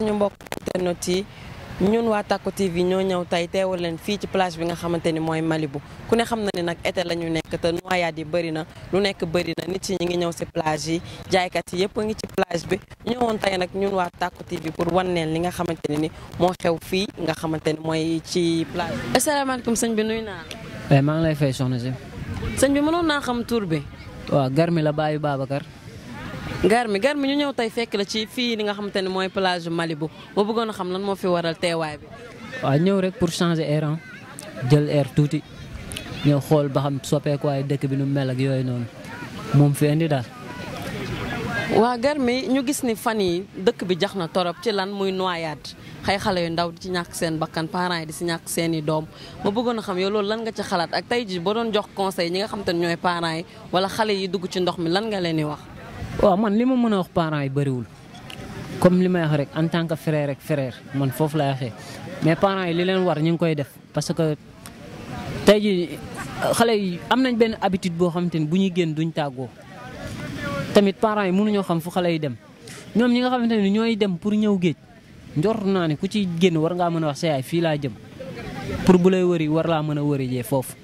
suñu mbokk internet yi ñun waa Tacko TV ñoo ñëw tey teewal leen fii ci plage bi nga xamante ni mooy mali bu ku ne xam na ne nag été la ñu nekk te noyade yi bëri na lu nekk bëri nit yi ñi ngi ñëw si plage yi jaaykat yi yëpp a ngi ci plage bi woon tey nag ñun waa Tacko TV pour wan li nga xamante ne ni moo xew fii nga xamante ni mooy ci plage bi. asalaamaaleykum sëñ bi nuyu naa la. Eh, maa ngi lay fay soxna si. sëñ bi mënoon naa xam tur bi. waaw Garmi la baayu Babacar. Garmi Garmi ñu ñëw tey fekk la ci fii li nga xamante ni mooy plage Malibu ma bëggoon xam lan moo fi waral teewaay bi. waaw ñëw rek pour changer air jël air tuuti ñëw xool ba xam soppeeku dëkk bi nu mel ak yooyu noonu moom fi indi daal. waa Garmi ñu gis ni fan yi dëkk bi jax na torop ci lan muy noyaat xay xale yu ndaw ci ñàkk seen bakkan parents yi di si ñàkk seen i doom ma bëggoon a xam yow lan nga ci xalaat ak tey ji ba doon jox conseil ñi nga xam te ne yi wala xale yi dugg ci ndox mi lan nga leen di wax. waaw man li ma mën a wax parents yi bëriwul comme li may wax rek en tant que frère rek frère man foofu lay waxee mais parent yi li war ñu ngi koy def parce que tey ji xale yi am nañ benn habitude boo xam te ne bu ñuy génn duñ tàggoo tamit parents yi mënuñoo xam fu xale yi dem ñoom ñi nga xamante ne ñooy dem pour ñëw géej njort naa ne ku ci génn war ngaa mën a wax sa yaay fii laa jëm pour bu lay wëri war laa mën a wari jee foofu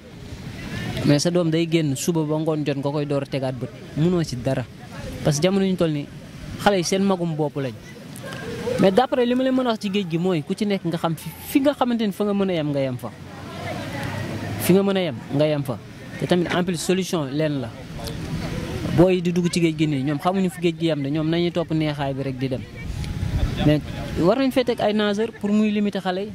mais sa doom day génn suba ba ngoon jot nga koy a tegaat bët mënoo ci dara. parce que jamono ñu toll nii xale yi seen magum bopp lañ mais d'après li ma leen mën a wax ci géej gi mooy ku ci nekk nga xam fi nga xamante ni fa nga mën a yem nga yem fa. fi nga mën a yem nga yem fa te tamit en plus solution leen la booy di dugg ci géej gi nii ñoom xamuñu fi géej gi yem de ñoom nañuy topp neexaay bi rek di dem mais war nañ fee teg ay nageur pour muy limiter xale yi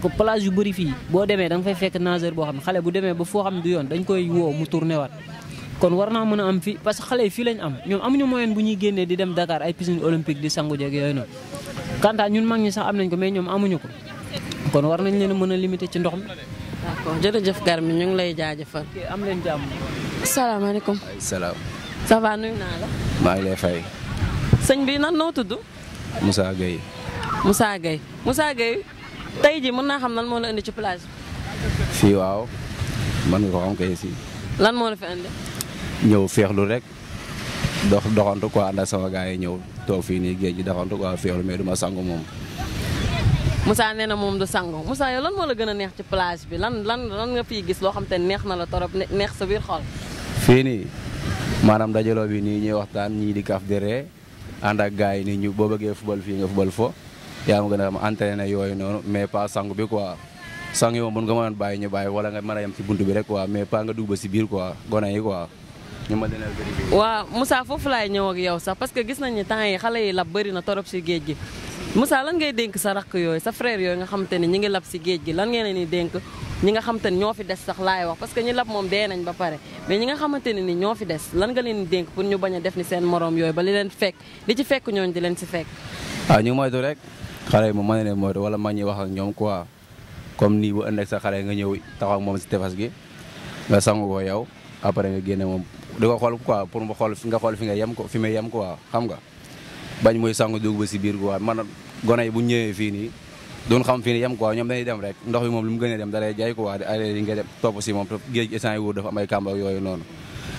que plage yu bëri boo demee da nga fay fekk nageur boo xam ne xale bu demee ba foo xam du yoon dañ koy woo mu tourné waat. kon war naa mën a am fii parce que xale yi fii lañ am ñoom amuñu moyen bu ñuy génnee di dem Dakar ay piscine olympique di sangu jeeg yooyu noonu quant à ñun mag ñi sax am nañ ko mais ñoom amuñu ko kon war nañ leen mën a limiter ci ndox mi. d'accord jërëjëf Garmi ñu ngi lay jaajëfal. am leen jàmm. asalaamaaleykum. ay salaam. ça va naa la. maa ngi lay fay. sëñ bi nan noo tudd. Moussa Gueye. Moussa Gueye Moussa tey jii mën naa xam nan moo la indi ci plage fii waaw man nga ko xam kay si. lan moo la fi indi. ñëw feexlu rek dox doxantu quoi ànd ak sama gars ñëw toog fii nii géej gi doxantu quoi feexlu mee du ma sangu moom. Moussa nee na moom du sangu Moussa yow lan moo la gën a neex ci plage bi lan lan lan nga fiy gis loo xam te neex na la torop neex sa biir xol. fii nii maanaam dajaloo bi nii ñuy waxtaan ñii di kaf di ree ànd ak gars yi nii ñu boo bëggee fubal fii nga fubal fo yaa ma gën a am entraîné yooyu noonu mais pas sangu bi quoi. sang yi moom bu nga mënoon bàyyi ñu bàyyi wala nga mën a yem ci buntu bi rek quoi mais pas nga dugg si biir quoi gone yi quoi. ñu ma dina vérifier. waaw Moussa foofu laay ñëw ak yow sax parce que gis nañu temps yi xale yi lab bëri na torop si géej gi musa lan ngay dénk sa rakk yooyu sa frère yooyu nga xamante ni ñi ngi lab si géej gi lan ngeen leen di dénk ñi nga ni ñoo fi des sax wax parce que ñi lab moom dee nañ ba pare mais nga xamante ne ni ñoo fi des lan nga leen pour ñu baña def ni seen morom yooyu ba li leen fekk li ci fekk ñooñu di leen si fekk. waaw ah, ñu moytu rek xale yi moom ma na leen moytu wala mag ñi wax ak ñoom quoi comme nii bu ënd ak sa xale nga ñëw taxaw moom si tefas gi nga sangu ko yow après nga génne moom di ko xool quoi pour nga xool nga xool fi nga yem ko fi may yem quoi xam nga bañ muy sangu dugg ba si biir quoi man gone yi bu ñëwee fii nii xam fii nii yem quoi ñoom dañuy dem rek ndox bi moom li mu gën a da yi dem topp si moom géej instant yi wóor dafa am ay kàmba yooyu noonu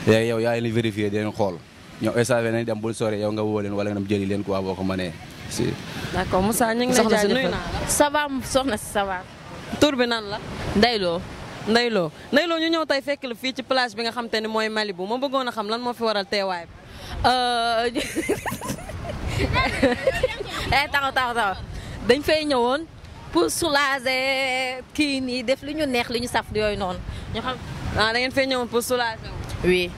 léegi yow yaa ngi vérifié di leen xool ñoom instant nañ dem bul sore yow nga woo wala nga dem jëli leen ko mënee si. d'accord Moussa si nuyu naa la. soxna si ça tur bi nan la. Ndeye Lo. ndayloo Lo ñu ñëw tay fekk la fii ci plage bi nga xam te ni mooy bu ma bëggoon a xam lan moo fi waral teewaay bi. Euh, eh, taxaw taxaw taxaw dañ fay ñëwoon pour soulager kii nii def li ñu neex li ñu saf yooyu noonu ñu xam. ah da fay ñëwoon pour soulager. oui.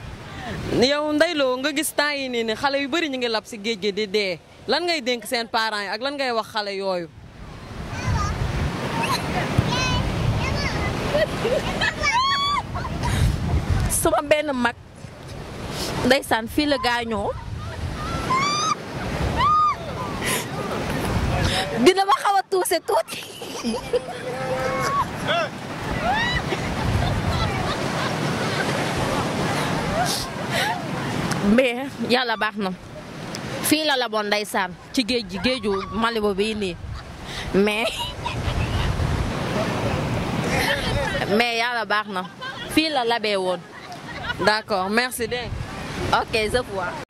yow Ndeye nga gis temps yi nii ne xale yu bari ñu ngi lab si géej gi di dee lan ngay dénk seen parent yi ak lan ngay wax xale yooyu. suma benn mag ndeysaan fii la gaañoo dina ma xaw tuuse tuuti mais yàlla baax na fii la la boon ndeysaan ci géej gi géeju Malibu bii nii mais mais yàlla baax na fii la labee woon. d'accord merci de. ok je vois.